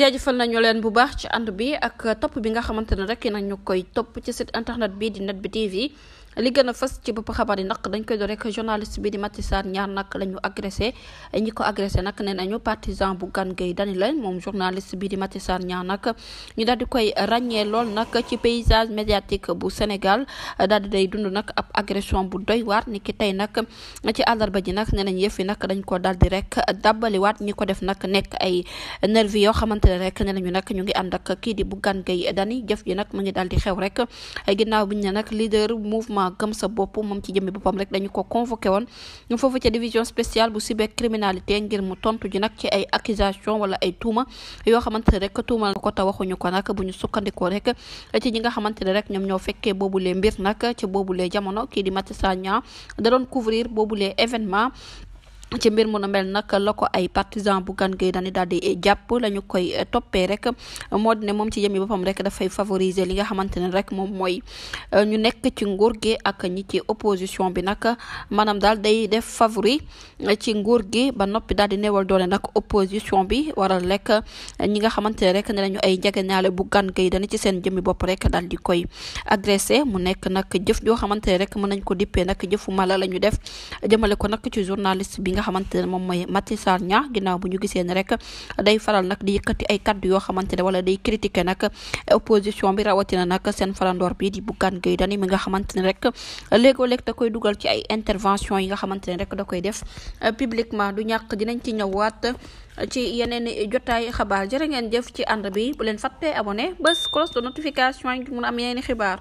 jaajëfal nañu leen bu baax ci ànd bi ak topp bi nga xamante ne rek nañu koy topp ci site internet bi di net bi tv li gën a fës ci bopp xabar yi nag dañ koy door rek journaliste bi di ñaar nag la ñu agressé ñi ko agressé nag nee di Maty Sarr ñaar nag ñu daal di koy ràññee lool nag ci paysage médiatique bu Sénégal daal di day dund nag ab agression bu doy waat ni ki tey nag ci àllarba ji nag nee nañ yëf yi nag dañ ko daal di rek dàbbaliwaat ñi ko def nag nekk ay nervi yoo xamante ne rek nee nañu nag ñu ngi am ak kiidi bu Gane Gueye Dany jëf ji nag mu ngi daal di xew rek ginnaaw bi ñu ne nag leader mouvement gëm sa bopp moom ci jëmmi boppam rek dañu ko convoqué woon ñu foofu ca division spéciale bu cybercriminalité ngir mu tontu ji nag ci ay accusation wala ay tuuma yoo xamante ne rek tuumal ko te waxuñu ko nag bu sukkandikoo rek ci ñi nga xamante rek ñoom ñoo fekkee boobulee mbir nag ci boobulee jamono kii di Maty Sarr Niang da doon événement ci mbir mu nu mel nag la ko ay partisan bu gan gay dani daal di jàpp la ñu koy toppee rek moo di ne moom ci jëmi boppam rek dafay favoriser li nga xamante ne rek moom mooy euh, ñu nekk ci nguur gi ak ñi ci opposition bi nag maanaam daal day def favori ci nguur gi ba noppi daal di neewal doole nag opposition bi waral rek ñi nga xamante ne rek ne nañu ay njegeñaale bu gan gay dani ci seen jëmi bopp rek daal di koy agressé mu nekk nag jëf joo xamante ne rek mën nañ ko dippee nag jëfu mala la ñu def jëmale ko nag ci journaliste bi nga xamante ne moom mooy Maty Sarr Niang ginnaaw bu ñu gisee ne rek day faral nag di yëkkati ay kaddu yoo xamante ne wala day critiquer nag opposition bi rawatina nag seen farandoor bi di Bougane Gueye Dany mi nga xamante ne rek léegoo-léeg da koy dugal ci ay intervention yi nga xamante ne rek da koy def publiquement du ñàkk dinañ ci ñëwaat ci yeneen jotaay xabaar jërë ngeen jëf ci ànd bi bu leen fàttee abonné bés cloche de notification yi mën a am yeneen xibaar